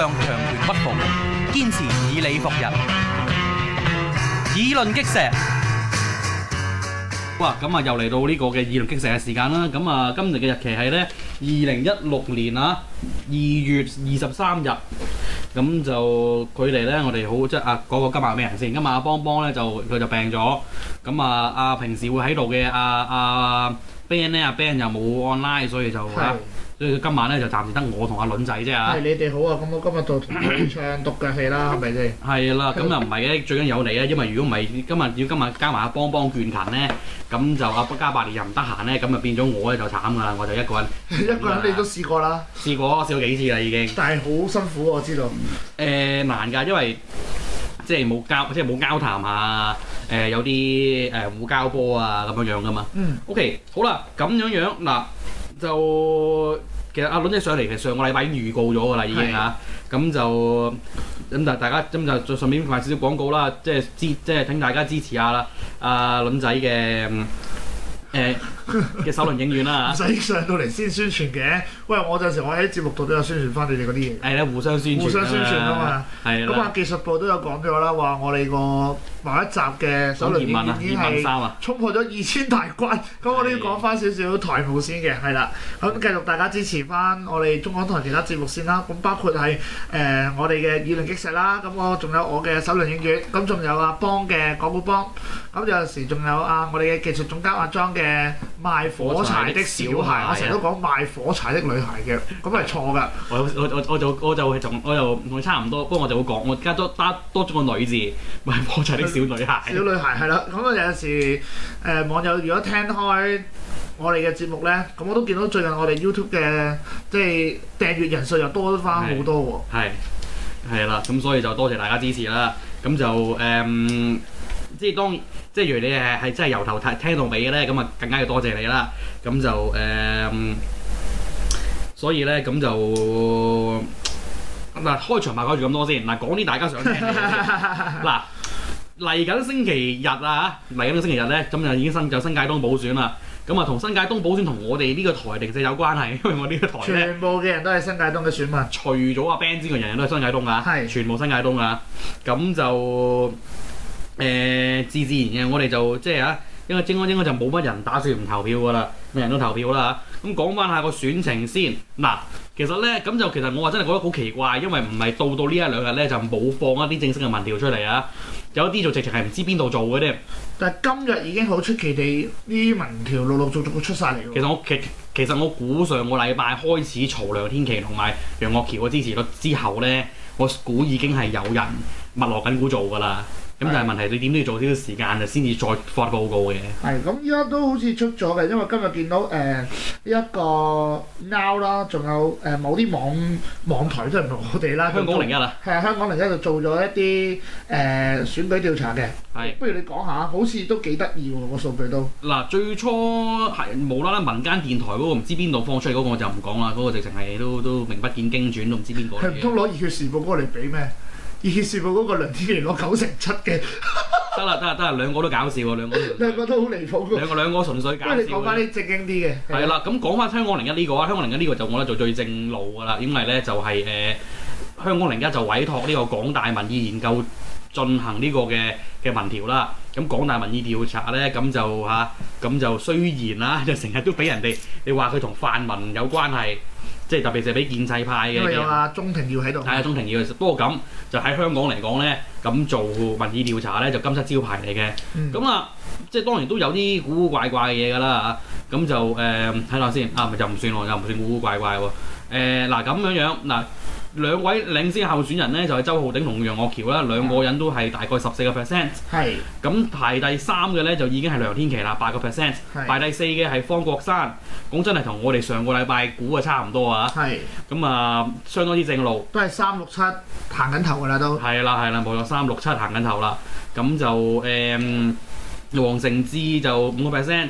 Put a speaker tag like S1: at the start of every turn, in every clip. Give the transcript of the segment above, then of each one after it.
S1: 向強權屈服，堅持以理服人。議論擊石，好啊！咁啊，又嚟到呢個嘅議論擊石嘅時間啦。咁啊，今日嘅日期係咧二零一六年啊，二月二十三日。咁就距離咧，我哋好即係啊，嗰個今日咩人先？咁啊，邦邦咧就佢就病咗。咁啊，啊平時會喺度嘅啊啊 Ben 咧，啊 Ben 又冇 online，所以就嚇。今晚咧就暫時得我同阿倫仔啫嚇，係
S2: 你哋好啊！咁我今日就唱獨腳戲啦，係咪先？
S1: 係啦，咁又唔係嘅，最緊有你啊！因為如果唔係今日要今日加埋阿邦邦倦勤咧，咁就阿北加百年又唔得閒咧，咁就變咗我咧就慘啦！我就一個人，
S2: 一個人你都試過啦，
S1: 試過試過幾次啦已經，但係好辛苦我知道。誒難㗎，因為即係冇交即係冇交談啊！誒有啲誒互交波啊咁樣樣㗎嘛。嗯。O K，好啦，咁樣樣嗱就。其實阿、啊、倫仔上嚟，其實上個禮拜已經預告咗㗎啦，已經嚇。咁、嗯、就咁就大家，咁、嗯、就再順便賣少少廣告啦。即係支，即係請大家支持下啦、啊。阿、啊、倫仔嘅誒嘅首輪影院啦嚇。唔使
S2: 上到嚟先宣傳嘅。喂，我陣時我喺節目度都有宣傳翻你哋嗰啲嘢。係啦，互相宣傳。互相宣傳啊嘛。係的。咁啊技術部都有講咗啦，話我哋個某一集嘅首輪影院已經係衝破咗二千大關。咁的 我都要講翻少少台譜先嘅，係啦。咁繼續大家支持翻我哋中港台其他節目先啦。咁包括係誒、呃、我哋嘅議論擊石啦，咁我仲有我嘅首輪影院，咁仲有阿、啊、邦嘅港股邦，咁有陣時仲有啊，我哋嘅技術總監阿莊嘅賣火柴的小孩。我成日都講賣火柴的
S1: 女孩嘅，咁係錯㗎。我我我就我就同我又同差唔多，不過我就會講，我加多多咗個女字，咪摸齊啲小女孩。小女
S2: 孩係啦，咁、嗯、啊有時誒、呃、網友如果聽開我哋嘅節目咧，咁我都見到最近我哋 YouTube 嘅即係訂閱人數又多返好多喎。
S1: 係係啦，咁所以就多謝大家支持啦。咁就誒、嗯，即係當即係如你係係真係由頭聽到尾嘅咧，咁啊更加要多謝你啦。咁就誒。嗯所以咧，咁就嗱，開場白唔好講住咁多先，嗱講啲大家想聽嘅。嗱嚟緊星期日啊，嚟緊星期日咧，咁就已經新就新界東補選啦。咁啊，同新界東補選同我哋呢個台定制有關係，因為我呢個台呢全部嘅人都係新界東嘅選民，除咗阿 Ben 之外，人人都係新界東啊，係是全部新界東啊。咁就誒自、呃、自然嘅，我哋就即係啊，因為正安應該就冇乜人打算唔投票噶啦，乜人都投票啦咁講翻下個選情先嗱，其實咧咁就其實我話真係覺得好奇怪，因為唔係到到呢一兩日咧就冇放一啲正式嘅民調出嚟啊，有啲就直情係唔知邊度做嘅啫。
S2: 但係今日已經好出奇地啲民調陸陸續續嘅出晒嚟。
S1: 其實我其其實我估上個禮拜開始嘈梁天琦同埋楊岳橋嘅支持率之後咧，我估已經係有人密鑼緊鼓做㗎啦。咁但係問題，你點都要做少少時間啊，先至再發報告嘅。
S2: 係，咁而家都好似出咗嘅，因為今日見到誒、呃、一個 now 啦，仲有誒、呃、某啲網網台都唔同我哋啦香、啊。香港零一啊？係啊，香港零一就做咗一啲誒、呃、選舉調查嘅。係是，不如你講下，好似都幾得意喎個數據都。
S1: 嗱，最初係無啦啦民間電台嗰、那個，唔知邊度放出嚟嗰個，我就唔講啦。嗰、那個直情係都都名不見經傳，都唔知邊個，佢唔通
S2: 攞《熱血時報》嗰個嚟畀咩？二電視報嗰個梁天琦攞九成七嘅。
S1: 得啦得啦得啦，兩個都搞笑喎，兩個
S2: 都好 離譜，
S1: 兩個兩個純粹搞笑。不如講翻啲正經啲嘅。係啦，咁講翻香港零一呢個啊，香港零一呢個就我覺得就最正路㗎啦，因為咧就係、是、誒、呃、香港零一就委託呢個港大民意研究進行呢個嘅嘅民調啦。咁港大民意調查咧，咁就嚇，咁、啊、就雖然啦、啊，就成日都俾人哋你話佢同泛民有關係。即係特別就係俾建制派嘅。咁啊，有啊，鍾庭耀喺度，係啊，鍾庭耀其實，不過咁就喺香港嚟講咧，咁做民意調查咧就金漆招牌嚟嘅。咁、嗯、啊即係當然都有啲古古怪怪嘅嘢㗎啦嚇，咁就誒睇下先啊，咪就唔算喎，就唔算古古怪怪喎，誒嗱咁樣樣嗱。啊兩位領先候選人呢，就係、是、周浩鼎同楊岳橋啦。兩個人都係大概十四個 percent。係咁是排第三嘅呢，就已經係梁天琦啦，八個 percent。是排第四嘅係方國珊。咁真係同我哋上個禮拜估嘅差唔多啊。係咁是啊，相當之正路都係三六七行緊頭噶啦，都係啦係啦，冇錯，三六七行緊頭啦。咁就誒，黃、嗯、成志就五個 percent。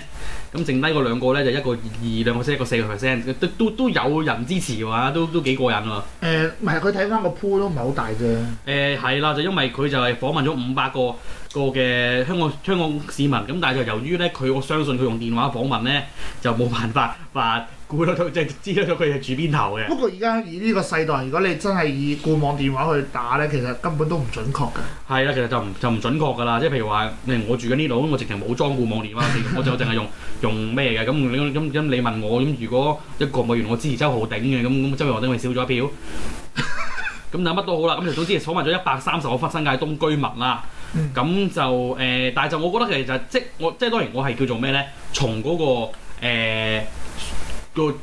S1: 咁剩低嗰兩個咧，就一個二兩個先一個四個 percent，都都都有人支持嘅話，都都幾過癮喎。
S2: 誒，唔係佢睇翻個 pool 都唔係好大啫。
S1: 誒、呃，係啦，就因為佢就係訪問咗五百個。個嘅香港香港市民咁，但係就由於咧，佢我相信佢用電話訪問咧，就冇辦法話估到即係知道咗佢係住邊頭嘅。不
S2: 過而家呢個世代，如果你真係以固網電話去打咧，其實根本都唔準確
S1: 嘅。係啦，其實就唔就唔準確㗎啦。即係譬如話，你我住緊呢度，咁我直情冇裝固網電話，我就淨係用 用咩嘅？咁咁咁你問我咁，如果一個問員我支持周浩鼎嘅，咁咁周浩鼎咪少咗一票。咁但乜都好啦，咁就總之訪問咗一百三十個新界東居民啦。咁、嗯、就誒、呃，但係就我覺得其實、就是、我即我即係當然，我係叫做咩咧？從嗰、那個誒、呃那個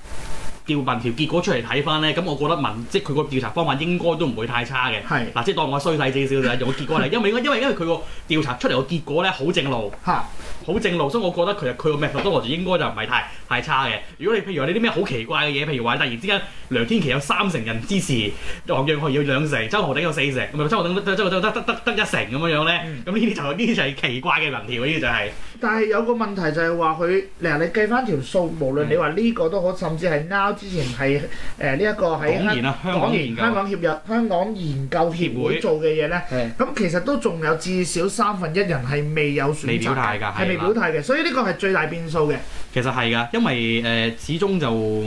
S1: 民調條結果出嚟睇翻咧，咁我覺得民即佢個調查方法應該都唔會太差嘅。係嗱是，即係當我衰細少少少嘅，用個 結果嚟，因為因為因為佢個調查出嚟個結果咧，好正路嚇。 好正路，所以我覺得其佢佢個 method 都來住應該就唔係太太差嘅。如果你譬如話你啲咩好奇怪嘅嘢，譬如話突然之間梁天琦有三成人支持，楊岳橋要兩成，周浩鼎有四成，咪周浩鼎得得得得一成咁樣樣咧。咁呢啲就呢、是、啲就係奇怪嘅民調，呢個就係、是。
S2: 但係有個問題就係話佢，嗱你計翻條數，無論你話呢個都好，甚至係啱之前係誒呢一個喺香然香港香港協約香港研究協會做嘅嘢咧，咁會其實都仲有至少三分一人係未有選擇嘅。未表態嘅，所以呢個係最大變數嘅。
S1: 其實係㗎，因為誒、呃、始終就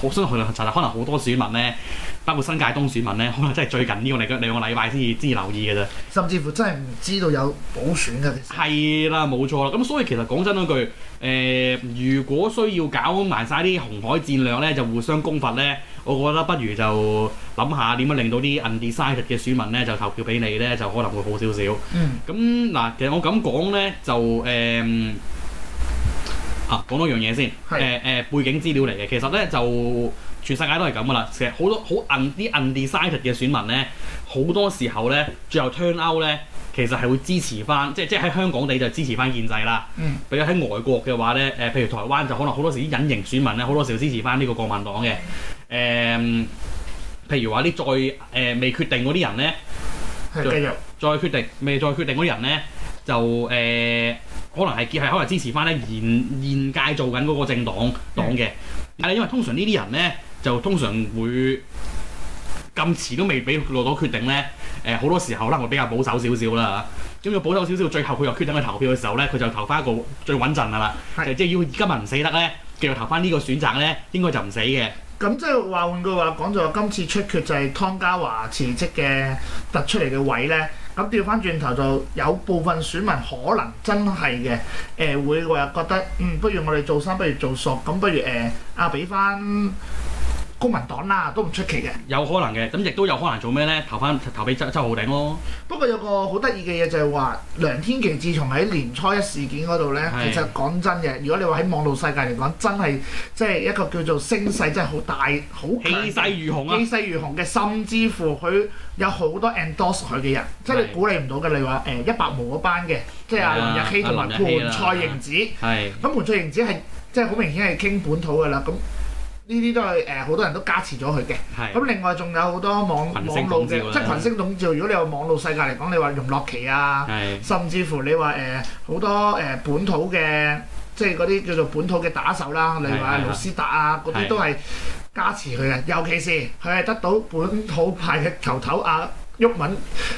S1: 好想去查查，可能好多選民咧，包括新界東選民咧，可能真係最近呢、呢個嚟兩個禮拜先至先至留意嘅啫。
S2: 甚至乎真係唔知道有補選嘅。
S1: 係啦，冇錯啦。咁所以其實講真句誒、呃，如果需要搞埋晒啲紅海戰略咧，就互相攻伐咧。我覺得不如就諗下點樣令到啲 undecided 嘅選民咧就投票俾你咧，就可能會好少少。嗯。咁嗱，其實我咁講咧，就誒、嗯、啊，講多樣嘢先。係是。誒、呃呃、背景資料嚟嘅。其實咧，就全世界都係咁噶啦。其實好多好啲 undecided 嘅選民咧，好多時候咧，最後 turn out 咧，其實係會支持翻，即係即係喺香港地就支持翻建制啦。嗯。比如喺外國嘅話咧，誒、呃，譬如台灣就可能好多時啲隱形選民咧，好多時候支持翻呢個國民黨嘅。誒、嗯，譬如話，啲再誒未決定嗰啲人咧，
S2: 係繼
S1: 續再決定未再決定嗰啲人咧，就誒、呃、可能係結可能支持翻咧現現屆做緊嗰個政黨黨嘅。嗯、但啊，因為通常呢啲人咧就通常會咁遲都未俾落到決定咧。誒、呃，好多時候可能比較保守少少啦。咁、啊、佢保守少少，最後佢又決定去投票嘅時候咧，佢就投翻一個最穩陣噶啦。的即係要今日唔死得咧，繼續投翻呢個選擇咧，應該就唔死嘅。
S2: 咁即係話換句話講，就話今次出缺就係湯家華辭職嘅突出嚟嘅位咧。咁調翻轉頭，就有部分選民可能真係嘅，誒、呃、會話覺得，嗯，不如我哋做生，不如做熟，咁不如誒啊，俾、呃、翻。比公民黨啦、啊，都唔出奇嘅，
S1: 有可能嘅，咁亦都有可能做咩咧？投翻投俾周周浩鼎咯。
S2: 不過有個好得意嘅嘢就係話，梁天琦自從喺年初一事件嗰度咧，是其實講真嘅，如果你話喺網絡世界嚟講，真係即係一個叫做聲勢真係好大，好氣勢如虹啊！氣勢如虹嘅，甚至乎佢有好多 endorse 佢嘅人，即係你估唔到嘅。你話誒一百毛嗰班嘅，即係阿林日曦同埋盤菜瑩子，係咁盤菜瑩子係即係好明顯係傾本土噶啦，咁。呢啲都係誒好多人都加持咗佢嘅，咁的另外仲有好多網網路嘅，即群星拱照，照。啊、如果你話網絡世界嚟講，你話容樂奇啊，的甚至乎你話誒好多誒、呃、本土嘅，即係嗰啲叫做本土嘅打手啦，例的如話盧斯達啊，嗰啲的都係加持佢嘅。尤其是佢係得到本土派嘅頭頭，頭啊毓民，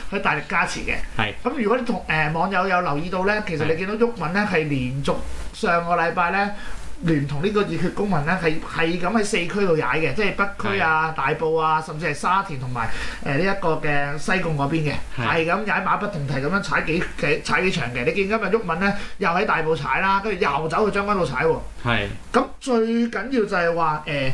S2: 佢大力加持嘅。係咁的、呃呃嗯，如果你同誒、呃嗯呃嗯、網友有留意到咧，其實你見到毓民咧係連續上個禮拜咧。聯同呢個熱血公民咧，係係咁喺四區度踩嘅，即係北區啊、是的 大埔啊，甚至係沙田同埋誒呢一個嘅西貢嗰邊嘅，係咁踩，馬不停蹄咁樣踩幾幾踩幾場嘅。你見今日毓民咧又喺大埔踩啦，跟住又走去將軍澳踩喎。咁是的 最緊要就係話誒，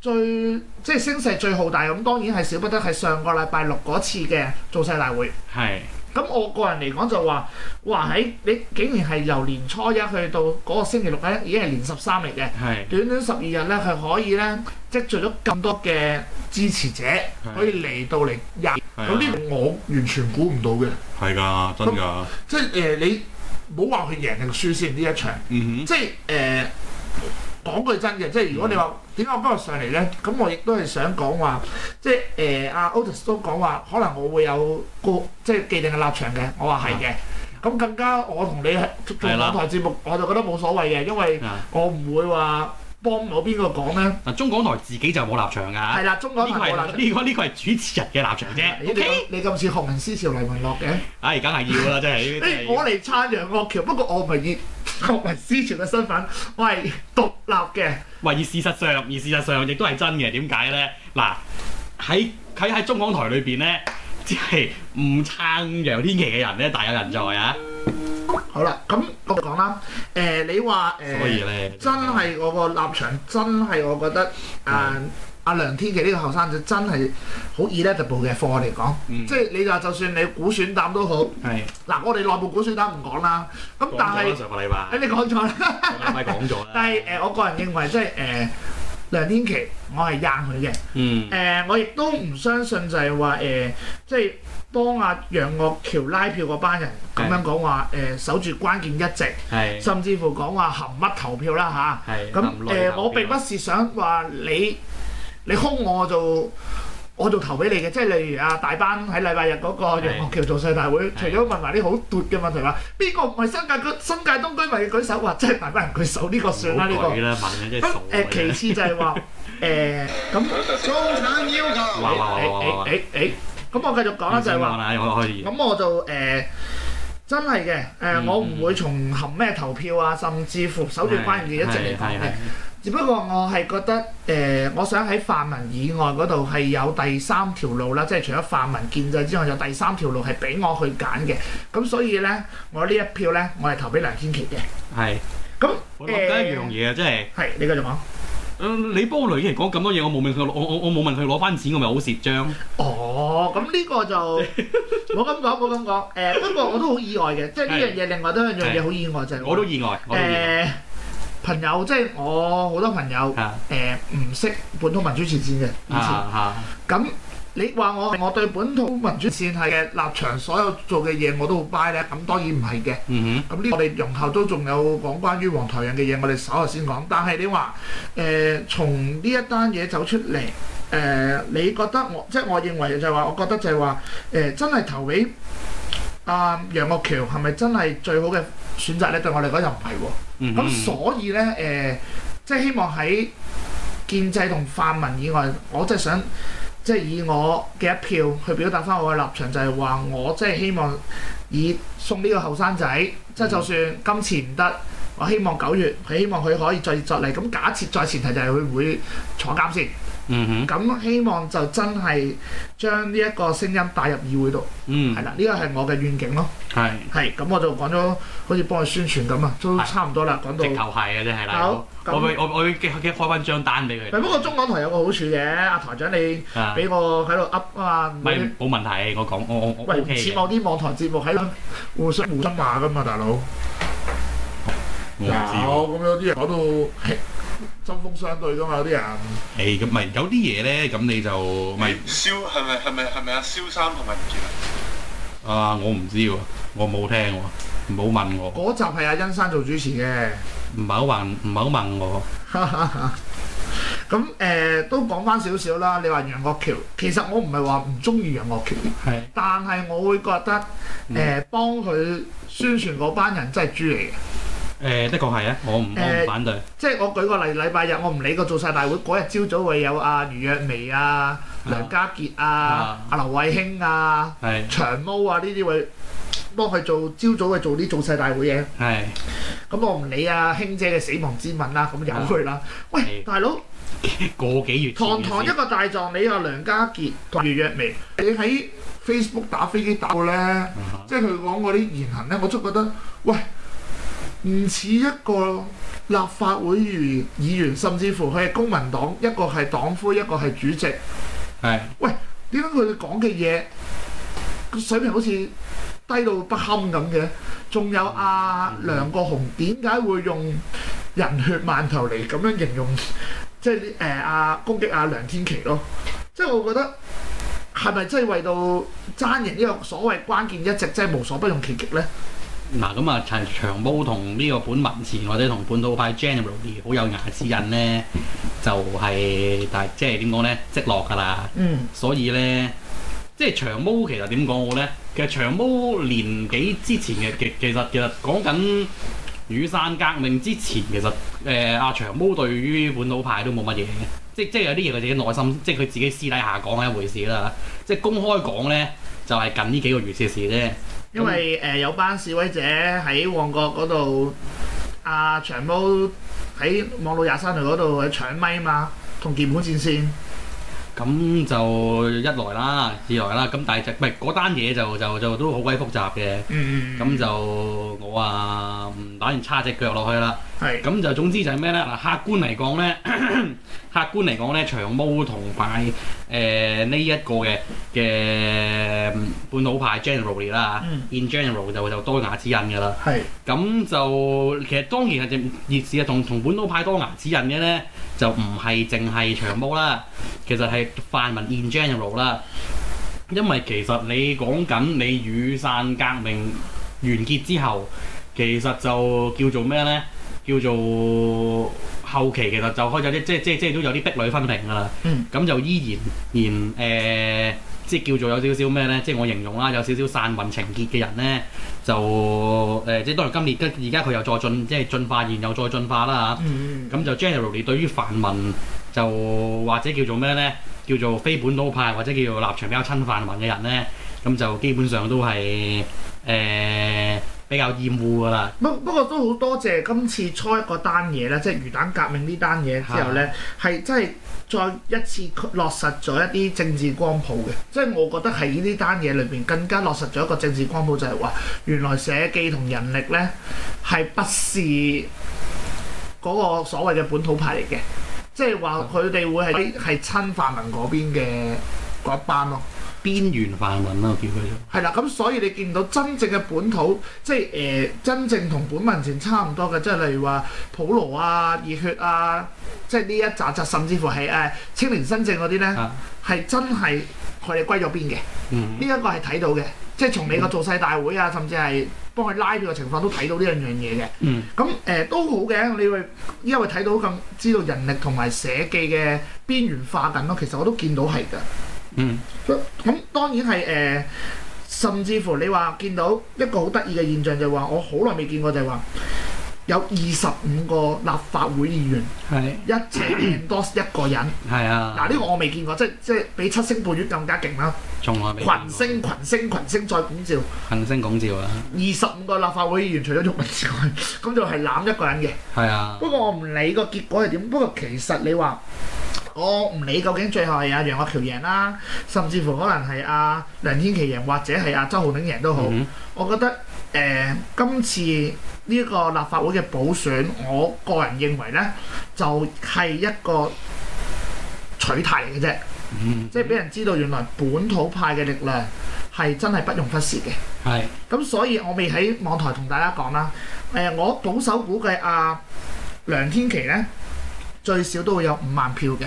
S2: 最即係聲勢最浩大咁、嗯，當然係少不得係上個禮拜六嗰次嘅造勢大會。係
S1: 是的 的。
S2: 咁我個人嚟講就話，哇喺你竟然係由年初一去到嗰個星期六咧，已經係年十三嚟嘅，的短短十二日咧，佢可以咧積聚咗咁多嘅支持者，可以嚟到嚟贏，咁呢的個我完全估唔到嘅。係㗎，真㗎。即係誒、呃，你唔好話佢贏定輸先呢一場，嗯、哼即係誒。呃講句真嘅，即係如果你話點解我今日上嚟咧，咁我亦都係想講話，即係誒、呃、阿 Otis 都講話，可能我會有個即係既定嘅立場嘅，我話係嘅。咁、啊、更加我同你係做港台節目，的我就覺得冇所謂嘅，因為我唔會話。幫冇邊個講咧？
S1: 嗱，中港台自己就冇立場㗎。係啦，中港台呢個呢個呢個係主持人嘅立
S2: 場啫。的 Okay? 你咁似學民思潮黎文樂
S1: 嘅，唉、哎，梗係要啦，真係。誒 你，我嚟
S2: 撐楊岳橋，不過我唔係以學民思潮嘅身份，我係獨立嘅。
S1: 喂，而事實上，而事實上亦都係真嘅。點解咧？嗱，喺佢喺中港台裏邊咧，即係唔撐楊天琪嘅人咧，大有人在啊！
S2: 好啦，咁我講啦，誒你話誒真係我個立場，真係我覺得誒阿梁天琦呢個後生仔真係好 electable 嘅貨嚟講，即係你話就算你估選膽都好，嗱我哋內部估選膽唔講啦，咁但係誒你講錯啦，啱啱講咗啦，但係誒我個人認為即係誒梁天琦，我係認佢嘅，誒我亦都唔相信就係話誒即係。幫阿楊岳橋拉票嗰班人咁樣講話，誒守住關鍵一席，甚至乎講話含乜投票啦嚇。咁誒我並不是想話你，你兇我就，我就投俾你嘅。即係例如阿大班喺禮拜日嗰個楊岳橋造勢大會，除咗問埋啲好奪嘅問題話，邊個唔係新界新界東居民嘅舉手？話即係大班人舉手呢個算啦呢個。咁誒其次就係話誒咁中產要求。哇哇哇哇哇！誒誒。咁、嗯哎、我繼續講啦，就係話，咁我就誒真係嘅，誒我唔會從含咩投票啊，甚至乎守住關鍵一直嚟講嘅。只不過我係覺得誒、呃，我想喺泛民以外嗰度係有第三條路啦，即係除咗泛民建制之外，有第三條路係俾我去揀嘅。咁所以咧，我呢一票咧，我係投俾梁天琦嘅。係是。咁得一樣
S1: 嘢啊，即係係你繼續講。誒，李波、呃、雷人實講咁多嘢，我冇問佢攞，我我我冇問佢攞翻錢，我咪好蝕張。
S2: 哦，咁呢個就冇咁講，冇咁講。誒、 呃，不過我都好意外嘅，即係呢樣嘢，是另外都有一樣嘢好意外就係、是，我都意外。誒、呃，朋友，即係我好多朋友誒唔識本土民主前線嘅，以前，咁。啊啊你話我係我對本土民主線係嘅立場，所有做嘅嘢我都好 buy 咧，咁當然唔係嘅。咁呢、mm，hmm. 個我哋容合都仲有講關於黃台仰嘅嘢，我哋稍後先講。但係你話誒、呃，從呢一單嘢走出嚟，誒、呃，你覺得我即係我認為就係話，我覺得就係話誒，真係投俾阿、呃、楊岳橋係咪真係最好嘅選擇咧？對我嚟講又唔係喎。咁、mm hmm. 所以咧誒、呃，即係希望喺建制同泛民以外，我真係想。即係以我嘅一票去表達翻我嘅立場，就係、是、話我即係希望以送呢個後生仔，即係、嗯、就算今次唔得，我希望九月，希望佢可以再作嚟。咁假設再前提就係佢會，會坐監先。嗯，咁希望就真係將呢一個聲音帶入議會度，係啦、嗯，呢個係我嘅願景咯。係，係咁我就講咗好似幫佢宣傳咁啊，都差唔多啦，講到直頭係嘅，真係啦，我我我會開翻張單俾佢。不過中港台有個好處嘅，阿台長你俾我喺度 up 啊，冇冇問題，我講我我喂似我啲網台節目喺度互相互相罵噶嘛，大佬，有咁有啲人講到。針鋒相對咗嘛有啲人？
S1: 誒咁咪有啲嘢咧，咁你就咪
S2: 蕭係咪係咪係
S1: 咪阿蕭生同埋唔知啊？啊，我唔知喎，我冇聽喎，唔好問我。
S2: 嗰就係阿恩生做主持嘅，唔好問，唔好問我。咁誒、 呃、都講翻少少啦。你話楊岳橋，其實我唔係話唔中意楊岳橋，係的，但係我會覺得誒、呃嗯、幫佢宣傳嗰班人真係豬嚟嘅。
S1: 誒的確係啊，我唔我唔反對。
S2: 即係我舉個例，禮拜日我唔理個造勢大會嗰日朝早，會有阿余若薇啊、梁家傑啊、阿劉慧卿啊、長毛啊呢啲位幫佢做朝早嘅做啲造勢大會嘢。係咁，我唔理阿卿姐嘅死亡之吻啦。咁由佢啦。喂，大佬，
S1: 個幾月？堂堂一
S2: 個大狀，你話梁家傑同余若薇，你喺 Facebook 打飛機打過咧，即係佢講嗰啲言行咧，我都覺得喂。唔似一個立法會議員，甚至乎佢係公民黨一個係黨魁，一個係主席。係。喂，點解佢哋講嘅嘢水平好似低到不堪咁嘅？仲有阿梁國雄點解會用人血饅頭嚟咁樣形容，即係誒阿攻擊阿梁天琦咯？即係我覺得係咪真係為到爭贏呢個所謂關鍵一席，真係無所不用其極呢？
S1: 嗱咁、嗯、啊，長、嗯、長毛同呢個本文前，或者同本土派 general 好有牙齒印咧，就係、是、但即係點講咧，積落㗎啦。嗯。所以咧，即係長毛其實點講好咧？其實長毛年紀之前嘅其其實其實講緊雨傘革命之前，其實誒阿、呃、長毛對於本土派都冇乜嘢嘅，即即係有啲嘢佢自己內心，即係佢自己私底下講嘅一回事啦。即係公開講咧，就係、是、近呢幾個月嘅事啫。
S2: 因為誒、呃、有班示威者喺旺角嗰度，阿、啊、長毛喺網絡廿三條嗰度去搶咪啊嘛，同鍵盤戰線。
S1: 咁就一來啦，二來啦，咁但係即係嗰單嘢就就就都好鬼複雜嘅。嗯嗯。咁就我啊，唔打算叉隻腳落去啦。係咁，就總之就係咩咧嗱？客觀嚟講咧，客觀嚟講咧，長毛同埋誒呢一個嘅嘅本土派 general 啦 ，in general 就多的就多牙齒印㗎啦。係咁，就其實當然係隻熱史啊，同同本土派多牙齒印嘅咧，就唔係淨係長毛啦，其實係泛民 in general 啦，因為其實你講緊你雨傘革命完結之後，其實就叫做咩咧？叫做後期其實就開始即即即，即，即，即都有啲壁壘分明㗎啦，咁、嗯、就依然然誒、呃，即叫做有少少咩咧，即我形容啦，有少少傘運情結嘅人咧，就誒、呃、即當年今年而家佢又再進即進化，然又再進化啦嚇，咁、嗯、就 generally 對於泛民就或者叫做咩咧，叫做非本土派或者叫做立場比較親泛民嘅人咧，咁、嗯、就、嗯、基本上都係誒。呃比較厭惡㗎啦，
S2: 不不過都好多謝今次初一個單嘢咧，即係魚蛋革命呢單嘢之後咧，係是、啊、真係再一次落實咗一啲政治光譜嘅，即係我覺得喺呢啲單嘢裏邊更加落實咗一個政治光譜，就係話原來社記同人力咧係不是嗰個所謂嘅本土派嚟嘅，即係話佢哋會係係親泛民嗰邊嘅嗰一班咯。邊緣
S1: 化啦，我叫佢
S2: 做。係啦，咁所以你見到真正嘅本土，即係誒、呃、真正同本民前差唔多嘅，即係例如話普羅啊、熱血啊，即係呢一紮紮，甚至乎係誒青年新政嗰啲咧，係、啊、真係佢哋歸咗邊嘅。嗯，呢一個係睇到嘅，即係從你個造勢大會啊，甚至係幫佢拉票嘅情況都睇到呢樣樣嘢嘅。嗯，咁誒、呃、都好嘅，你會因為睇到咁知道人力同埋社記嘅邊緣化緊咯，其實我都見到係㗎。嗯，咁當然係誒、呃，甚至乎你話見到一個好得意嘅現象就，就係話我好耐未見過就，就係話有二十五個立法會議員是一齊 endorse 一個人，
S1: 係啊，嗱呢、啊這
S2: 個我未見過，即即係比七星伴月更加勁啦，從來羣星群星群星再拱照，群星拱照，照啊！二十五個立法會議員除咗毓民之外，咁 就係攬一個人嘅，係啊，不過我唔理個結果係點，不過其實你話。我唔理究竟最後係阿楊岳橋贏啦、啊，甚至乎可能係阿、啊、梁天琦贏，或者係阿、啊、周浩鼎贏都好，嗯嗯我覺得誒、呃、今次呢個立法會嘅補選，我個人認為咧，就係、是、一個取態嘅啫，嗯嗯嗯即係俾人知道原來本土派嘅力量係真係不容忽視嘅。係的。咁所以我未喺網台同大家講啦，誒、呃、我保守估計阿、啊、梁天琦咧。最少都會有五萬票嘅，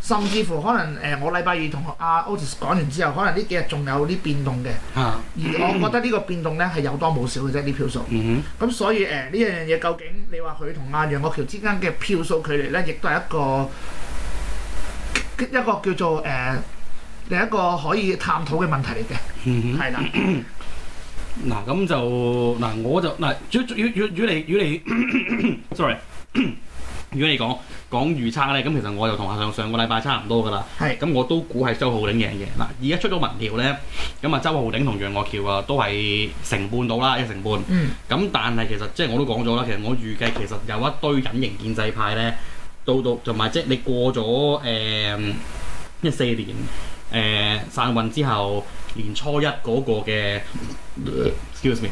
S2: 甚至乎可能誒，我禮拜二同阿 Otis 講完之後，可能呢幾日仲有啲變動嘅。而我覺得呢個變動咧係有多冇少嘅啫，啲票數。咁所以誒呢樣嘢究竟你話佢同阿楊岳橋之間嘅票數距離咧，亦都係一個一個叫做誒另一個可以探討嘅問題嚟嘅。係啦。
S1: 嗱咁就嗱我就嗱，越越 sorry 如果你講講預測咧，咁其實我就同上上個禮拜差唔多噶啦。係是，咁我都估係周浩鼎贏嘅。嗱，而家出咗民調咧，咁啊，周浩鼎同楊岳橋啊都係成半到啦，一成半。嗯。咁但係其實即係我都講咗啦，其實我預計其實有一堆隱形建制派咧，到到同埋即係你過咗誒一四年誒、呃、傘運之後。年初一嗰個嘅 excuse me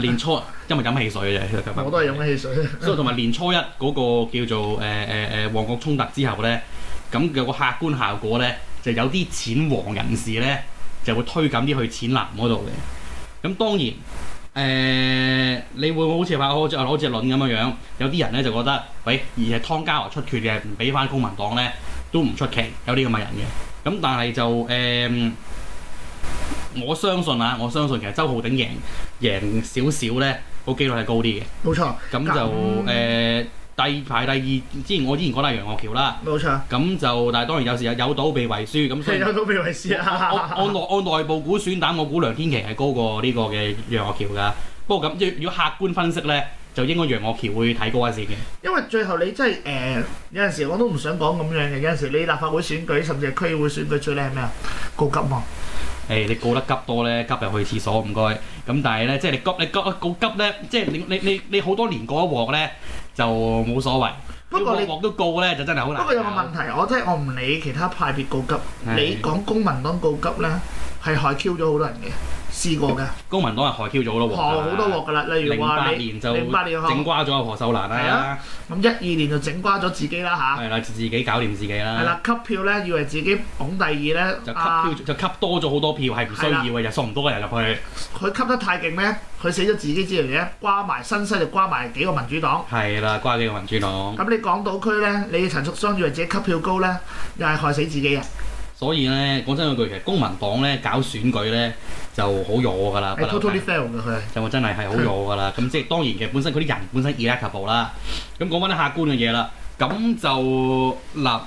S1: 年初，因為飲汽水嘅啫，其 已我都係
S2: 飲汽水。所以同埋
S1: 年初一嗰個叫做誒誒誒旺角衝突之後咧，咁、那、有個客觀效果咧，就有啲淺黃人士咧就會推緊啲去淺藍嗰度嘅。咁當然誒、呃，你會唔會好似話攞隻輪咁嘅樣？有啲人咧就覺得喂，而係湯家驊出缺嘅，唔俾翻公民黨咧都唔出奇，有啲咁嘅人嘅。咁但係就誒。呃。我相信啊，我相信其實周浩鼎贏贏少少咧，個機率係高啲嘅。冇錯，咁就、嗯呃、第二排第二。之前我依然講啦，楊岳橋啦，冇錯。咁就但係當然有時有有賭未為輸，咁所以有賭
S2: 未為輸啊！按
S1: 內按內部估選，但我估梁天琦係高過呢個嘅楊岳橋㗎。不過咁，如果客觀分析咧，就應該楊岳橋會睇高一線嘅。
S2: 因為最後你真係誒有陣時，我都唔想講咁樣嘅。有陣時，有時你立法會選舉甚至係區議會選舉，最靚係咩啊？高級啊。
S1: 誒、哎、你告得急多咧，急入去廁所唔該。咁但係咧，即係你急你急告急咧，即係你你你你好多年過一鑊咧，就冇所謂。
S2: 不過
S1: 你鑊都告咧，就真係好難不。不過有個
S2: 問題，我真係我唔理其他派別告急，的你講公民黨告急咧，係害 Q 咗好多人嘅。
S1: 試過嘅，公民黨係害 Q 咗咯，好多鑊㗎啦。例如話，零八年就整瓜咗阿何秀蘭啦。
S2: 咁一二年就整瓜咗自己啦嚇。係
S1: 啦，自己搞掂自己啦。係啦，
S2: 吸票咧，以為自己捧第二咧，就吸票
S1: 就吸多咗好多票，係唔需要嘅，又送唔多嘅人入去。
S2: 佢吸得太勁咧，佢死咗自己之餘嘅，瓜埋新西就瓜埋幾個民主黨。
S1: 係啦，瓜幾個民主黨。咁
S2: 你港島區咧，你陳淑莊以為自己吸票高咧，又係害死自己嘅。
S1: 所以咧，講真嗰句，其實公民黨咧搞選舉咧。就好弱㗎啦，係 t o t 就真係係好弱㗎啦。咁 即係當然，其實本身佢啲人本身 i r e l i a b l e 啦。咁講翻啲客觀嘅嘢啦，咁就嗱，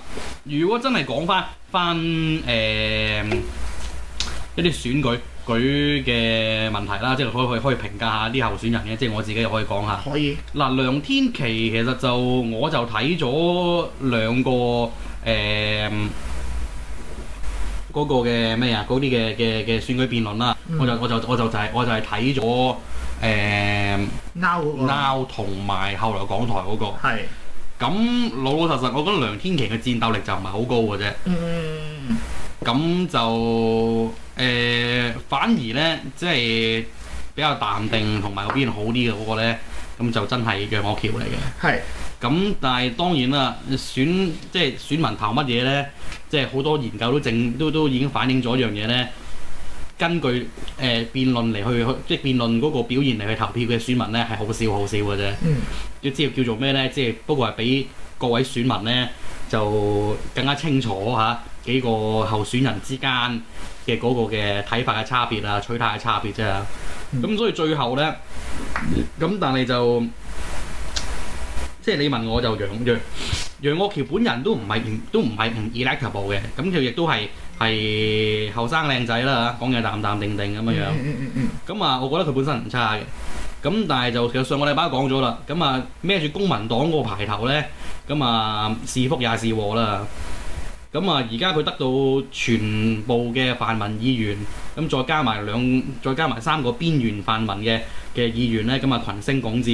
S1: 如果真係講翻翻誒一啲選舉舉嘅問題啦，即係可以可以評價下啲候選人嘅，即係我自己又可以講下。可以嗱，梁天琪其實就我就睇咗兩個誒嗰、欸那個嘅咩啊，嗰啲嘅嘅嘅選舉辯論啦。我就我就我就就係、是、我就係睇咗
S2: Now Now
S1: 同埋後來港台嗰、那個，咁老是老實實，我覺得梁天琦嘅戰鬥力就唔係好高嘅啫。嗯咁就誒、呃，反而咧，即係比較淡定同埋嗰邊好啲嘅嗰個咧，咁就真係岳橋嚟嘅。係是。咁但係當然啦，選即係選民投乜嘢咧？即係好多研究都正都都已經反映咗一樣嘢咧。根據誒、呃、辯論嚟去即係辯論嗰個表現嚟去投票嘅選民咧係好少好少嘅啫，要、嗯、知道叫做咩咧，即係不過係俾各位選民咧就更加清楚嚇、啊、幾個候選人之間嘅嗰個嘅睇法嘅差別啊、取態嘅差別啫。咁、嗯、所以最後咧，咁但係就即係、就是、你問我就楊楊楊岳橋本人都唔係唔都唔係唔 electable 嘅，咁佢亦都係。係後生靚仔啦嚇，講嘢淡淡定定咁樣樣。咁啊，我覺得佢本身唔差嘅。咁但係就其實上個禮拜講咗啦。咁啊，孭住公民黨個牌頭呢，咁啊是福也是禍啦。咁啊，而家佢得到全部嘅泛民議員，咁再加埋兩，再加埋三個邊緣泛民嘅嘅議員呢，咁啊群星拱照，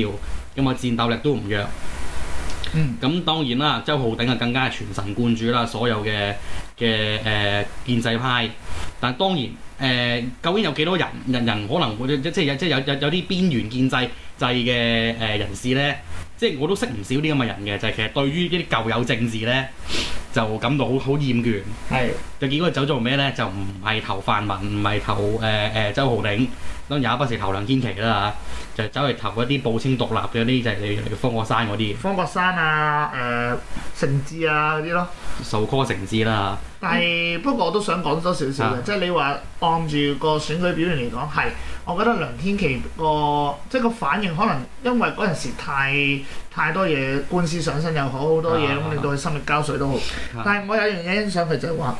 S1: 咁啊戰鬥力都唔弱。咁當然啦，周浩鼎啊更加係全神貫注啦，所有嘅。嘅誒、呃、建制派，但當然誒、呃，究竟有幾多人人人可能會即係有即係有有有啲邊緣建制制嘅誒人士咧，即係我都識唔少啲咁嘅人嘅，就係、是、其實對於一啲舊有政治咧，就感到好好厭倦。是就結果佢走做咩咧？就唔係投泛民，唔係投誒誒周浩鼎。然也不是投梁天琦啦嚇，就走去投嗰啲報稱獨立嘅嗰啲，就係你方國珊嗰啲。方國珊啊，誒、呃、成智啊嗰啲咯，秀科、so、成智啦。
S2: 但係是、嗯、不過我都想講多少少嘅，啊、即係你話按住個選舉表現嚟講，係、啊、我覺得梁天琦個即係個反應，可能因為嗰陣時太太多嘢官司上身又好，好多嘢咁令到佢心力交瘁都好。但係我有一樣嘢欣賞佢就係話。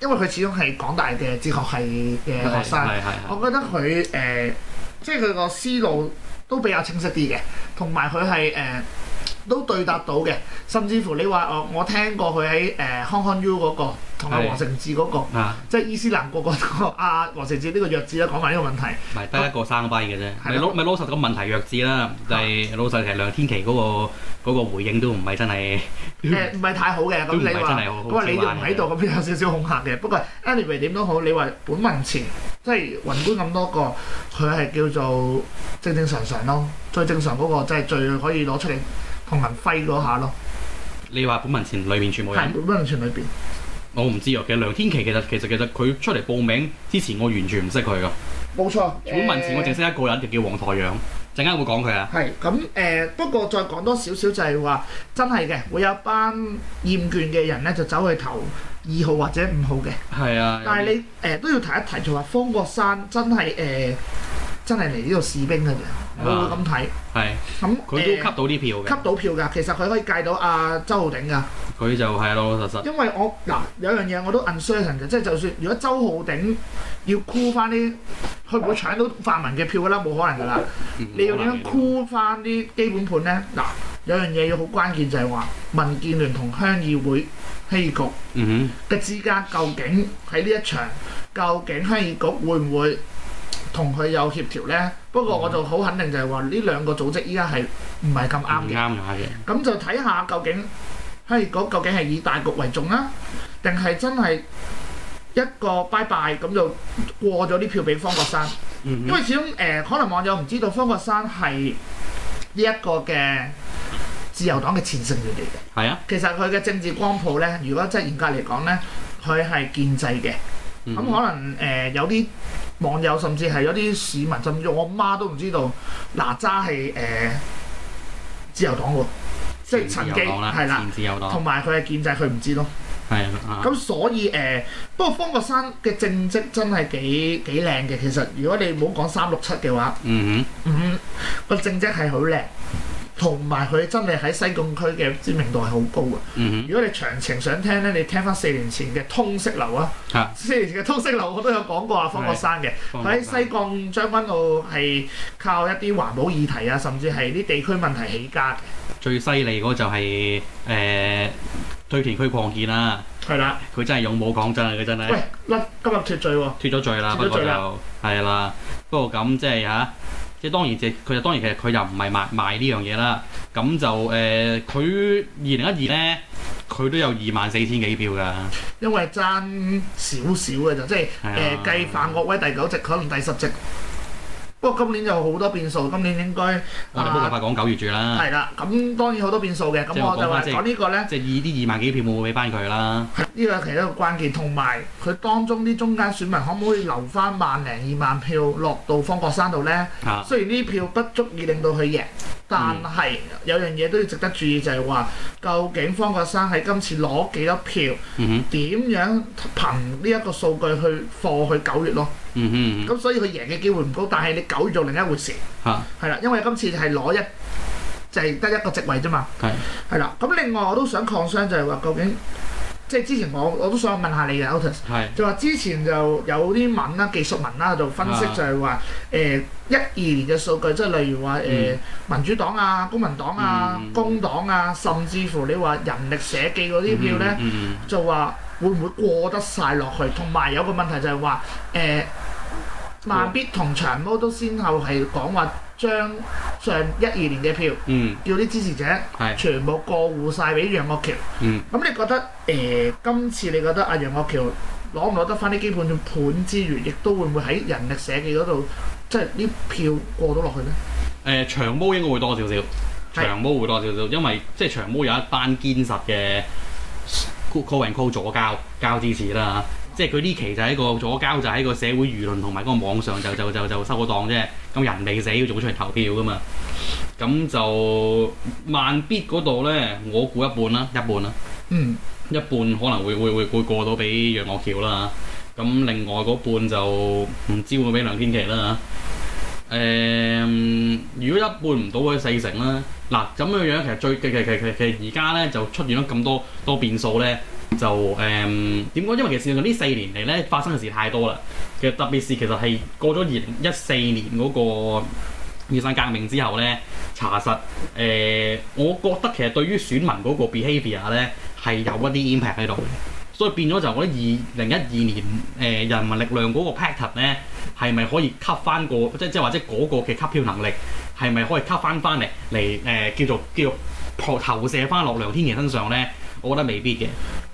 S2: 因為佢始終係港大嘅哲學系嘅學生，我覺得佢誒，即係佢個思路都比較清晰啲嘅，同埋佢係誒。呃都對答到嘅，甚至乎你話哦，我聽過佢喺誒 Hong Kong U 嗰、那個，同阿黃成智嗰、那個，即係的伊斯蘭國嗰、那個阿黃成智呢個弱智啦，講埋呢個問題，
S1: 唔係得、啊、一個生輝嘅啫，咪攞咪攞實個問題弱智啦。第老實係梁天琦嗰、那個嗰、那個回應都唔係真係
S2: 誒，唔係的 太好嘅。咁你話不過你又唔喺度咁邊有少少恐嚇嘅。不過 anyway 點都好，你話本文前即係圍觀咁多個佢係 叫做正正常，常常咯，最正常嗰個即係最可以攞出嚟。同文輝嗰下咯，
S1: 你話《本文前》裏面全部人係《本
S2: 文前》裏邊，
S1: 我唔知啊。其實梁天琦其實其實其實佢出嚟報名之前，我完全唔識佢噶。
S2: 冇錯，《本文前》我淨識一
S1: 個人，嗯、就叫黃台仰。陣間會,會講佢啊。
S2: 係咁誒，不過再講多少少就係、是、話、就是，真係嘅會有一班厭倦嘅人咧，就走去投二號或者五號嘅。
S1: 係啊，但係你
S2: 誒、呃、都要提一提就話、是、方國珊真係誒、呃，真係嚟呢度士兵嘅人。我會咁睇，
S1: 係咁佢都吸到啲票，吸
S2: 到票㗎。其實佢可以戒到阿周浩鼎㗎。
S1: 佢就係老老實實。因
S2: 為我嗱有樣嘢我都 insert 嘅，即係就算如果周浩鼎要箍翻啲，佢唔會搶到泛民嘅票啦，冇可能㗎啦。你要點樣箍翻啲基本盤咧？嗱，有樣嘢要好關鍵就係話民建聯同鄉議會欺局嘅之間，究竟喺呢一場，究竟鄉議局會唔會？同佢有協調呢，不過我就好肯定就係話呢兩個組織依家係唔係咁啱嘅。咁對就睇下究竟，係，究竟係以大局為重啊，定係真係一個拜拜咁就過咗啲票俾方國山。嗯嗯、因為始終誒、呃、可能網友唔知道方國山係呢一個嘅自由黨嘅前成員嚟嘅。係啊，其實佢嘅政治光譜呢，如果真係嚴格嚟講呢，佢係建制嘅、嗯。嗯，咁可能誒、呃、有啲。網友甚至係有啲市民甚至我阿媽都唔知道哪渣係誒、呃、自由黨喎，即係曾經係啦自由黨，同埋佢係建制，佢唔知咯。
S1: 係咁、啊、
S2: 所以誒、呃，不過方國山嘅政績真係幾幾靚嘅。其實如果你唔好講三六七嘅話，嗯哼，嗯哼，個政績係好靚。同埋佢真係喺西貢區嘅知名度係好高嘅。如果你詳情想聽咧，你聽翻四年前嘅通識樓啊，四年前嘅通識樓我都有講過啊，方國珊嘅喺西貢將軍澳係靠一啲環保議題啊，甚至係啲地區問題起家嘅。
S1: 最犀利嗰就係誒堆填區擴建啦，係啦，佢真係勇武，講真啊，佢真係。喂，
S2: 嗱今日脫罪喎，
S1: 脫咗罪啦，脫罪啦，係啦，不過咁即係嚇。即係當然，即係佢就當然，其實佢又唔係賣賣樣、呃、呢樣嘢啦。咁就誒，佢二零一二咧，佢都有二萬四千幾票㗎。
S2: 因為爭少少嘅就即係誒，計范國威第九席，可能第十席。不過今年有好多變數，今年應該我哋冇辦法講九
S1: 月住啦。係啦、
S2: 啊，咁當然好多變數嘅，咁我就話講呢、呢個咧，
S1: 即係二啲二萬幾票冇俾翻佢啦。
S2: 呢個係其中一個關鍵，同埋佢當中啲中間選民可唔可以留翻萬零二萬票落到方國珊度咧？啊、雖然呢票不足以令到佢贏，但係有樣嘢都要值得注意，就係、是、話究竟方國珊喺今次攞幾多票？點、嗯、哼樣憑呢一個數據去貨去九月咯？嗯嗯，咁所以佢贏嘅機會唔高，但係你九月就另一回事，係啦，因為今次係攞一就係得一個席位啫嘛，係，係啦，咁另外我都想擴張就係話，究竟即係之前我我都想問下你嘅 Otis，就話之前就有啲文啦，技術文啦，做分析就係話，誒一二年嘅數據，即係例如話誒民主黨啊、公民黨啊、工黨啊，甚至乎你話人力社記嗰啲票咧，就話。會唔會過得晒落去？同埋有個問題就係話，誒、呃、慢必同長毛都先後係講話將上一二年嘅票，嗯、叫啲支持者全部過戶晒俾楊岳橋。咁、嗯嗯、你覺得誒、呃、今次你覺得阿、啊、楊岳橋攞唔攞得翻啲基本盤之餘，亦都會唔會喺人力社記嗰度，即係啲票過到落去咧？
S1: 誒、呃、長毛應該會多,多少少，長毛會多,多少少，因為即係長毛有一班堅實嘅。call and call 左膠，交支持啦、啊，即係佢呢期就喺個左膠，左就喺個社會輿論同埋嗰個網上就就就就收個檔啫，咁、啊、人未死要做出嚟投票噶嘛，咁就萬必嗰度咧，我估一半啦，一半啦、啊，嗯，一半可能會會會會過到俾楊岳橋啦，咁、啊、另外嗰半就唔知會俾梁天琦啦。啊誒，um, 如果一半唔到嗰四成啦，嗱、啊、咁樣樣其實最其實其實其實而家咧就出現咗咁多多變數咧，就誒點講？因為其實呢四年嚟咧發生嘅事太多啦，其實特別是其實係過咗二零一四年嗰個雨傘革命之後咧，查實誒、呃，我覺得其實對於選民嗰個 behaviour 咧係有一啲 impact 喺度嘅。所以變咗就我覺得二零一二年誒、呃、人民力量嗰個 pattern 咧，係咪可以吸翻個即係即係或者嗰個嘅吸票能力係咪可以吸翻翻嚟嚟誒叫做叫做投射翻落梁天琦身上咧？我覺得未必嘅，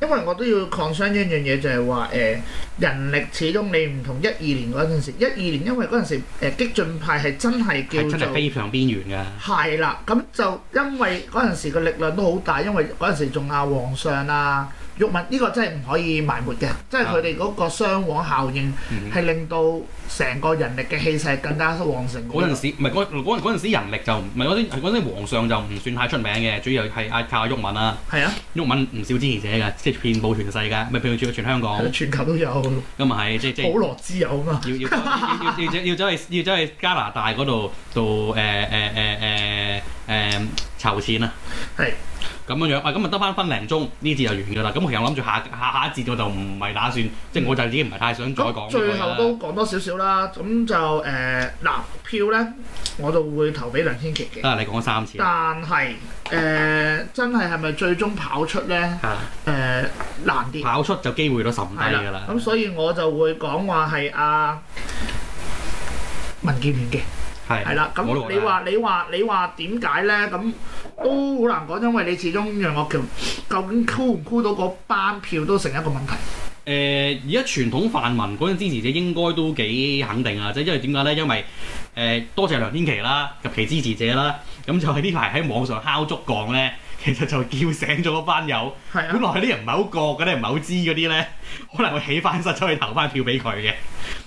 S2: 因為我都要 concern 一樣嘢就係話誒人力始終你唔同一二年嗰陣時，一二年因為嗰陣時、呃、激進派係真係叫做係真係非
S1: 常邊緣㗎，
S2: 係啦，咁就因為嗰陣時個力量都好大，因為嗰陣時仲阿皇上啊。毓民呢、這個真係唔可以埋沒嘅，即係佢哋嗰個雙簧效應係令到成個人力嘅氣勢更加旺盛。嗰陣時
S1: 唔係嗰嗰嗰陣時人力就唔係嗰啲皇上就唔算太出名嘅，主要係靠阿毓民啊。係啊，毓民唔少支持者嘅，即係遍布全世界，咪譬如全香港、啊，全球都有。咁咪係，即係即係保羅之友啊嘛。要
S2: 要要
S1: 要走要走去要走去加拿大嗰度度誒誒誒誒誒籌錢啊。係。咁樣樣，喂、啊，咁啊得翻分零鐘，呢節就完㗎啦。咁、啊、我其實諗住下下下一節我就唔係打算，嗯、即係我就已經唔係太想再講。最後都
S2: 講多少少啦。咁就誒，嗱票咧，我就會投俾梁天琦嘅。啊，你講咗三次。但係誒、呃，真係係咪最終跑出咧？誒、呃、難啲。
S1: 跑出就機會都甚低㗎啦。咁
S2: 所以我就會講話係阿文建聯嘅。係係啦，咁你話你話你話點解咧？咁都好難講，因為你始終讓我叫究竟箍唔箍到個班票都成一個問題。
S1: 誒、呃，而家傳統泛民嗰陣支持者應該都幾肯定啊！即係因為點解咧？因為誒、呃、多謝梁天琦啦，及其支持者啦，咁就喺呢排喺網上敲竹槓咧。其實就叫醒咗嗰班友，本來啲人唔係好覺嘅咧，唔係好知嗰啲咧，可能會起翻身出去投翻票俾佢嘅，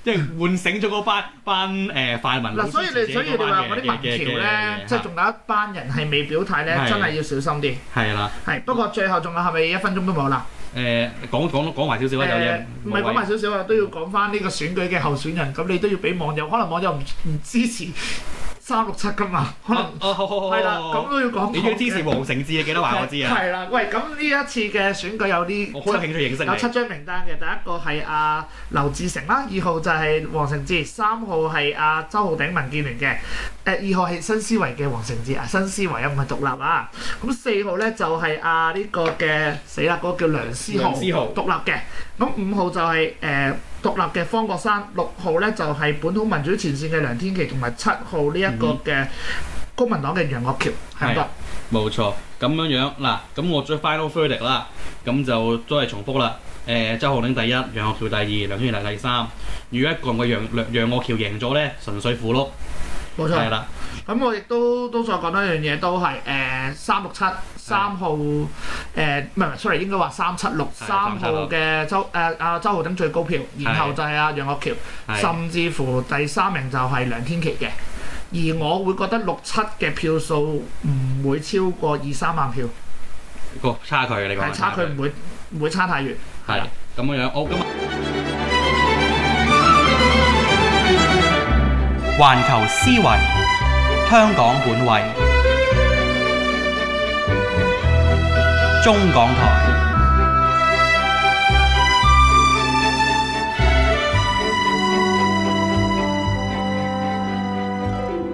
S1: 即係喚醒咗嗰班班誒泛民支持者班嘅。嗱，所以你所以你話嗰啲民調咧，即係
S2: 仲有一班人係未表態咧，真係要小心啲。係啦，係不過最後仲有係咪一分鐘都冇啦？
S1: 誒，講講講埋少少啦，有嘢。誒，唔係講埋少
S2: 少啊，都要講翻呢個選舉嘅候選人。咁你都要俾網友，可能網友唔唔支持。三六七噶
S1: 嘛，可能哦，好好好，係啦，
S2: 咁都要講你要支持黃成
S1: 智，記得話我知啊。係
S2: 啦，喂，咁呢一次嘅選舉有啲有七張名單嘅。第一個係阿、啊、劉志成啦，二號就係黃成智，三號係阿、啊、周浩鼎民建聯嘅。誒，二號係新思維嘅黃成智啊，新思維又唔係獨立啊。咁四號咧就係阿呢個嘅死啦，嗰、那個、叫梁思豪，獨立嘅。咁五號就係、是、誒、呃、獨立嘅方國山，六號咧就係、是、本土民主前線嘅梁天琦，同埋七號呢一個嘅公民黨嘅楊岳橋，係咪、嗯
S1: 哼？冇嗎錯，咁樣樣嗱，咁我再 final three 啦，咁就都係重複啦。誒、呃，周浩鼎第一，楊岳橋第二，梁天琦第三。如果一個人嘅楊楊岳橋贏咗咧，純粹符碌。冇錯，係
S2: 啦。咁我亦都都再講多一樣嘢，都係誒三六七三號誒，唔係唔係，sorry，應該話三七六三號嘅周誒阿周浩鼎最高票，然後就係阿楊岳橋，甚至乎第三名就係梁天琦嘅。而我會覺得六七嘅票數唔會超過二三萬票
S1: 個差距，你講係差距，
S2: 唔會唔會差太遠。
S1: 係，咁樣，哦，咁。環球思維，香港本位，中港台。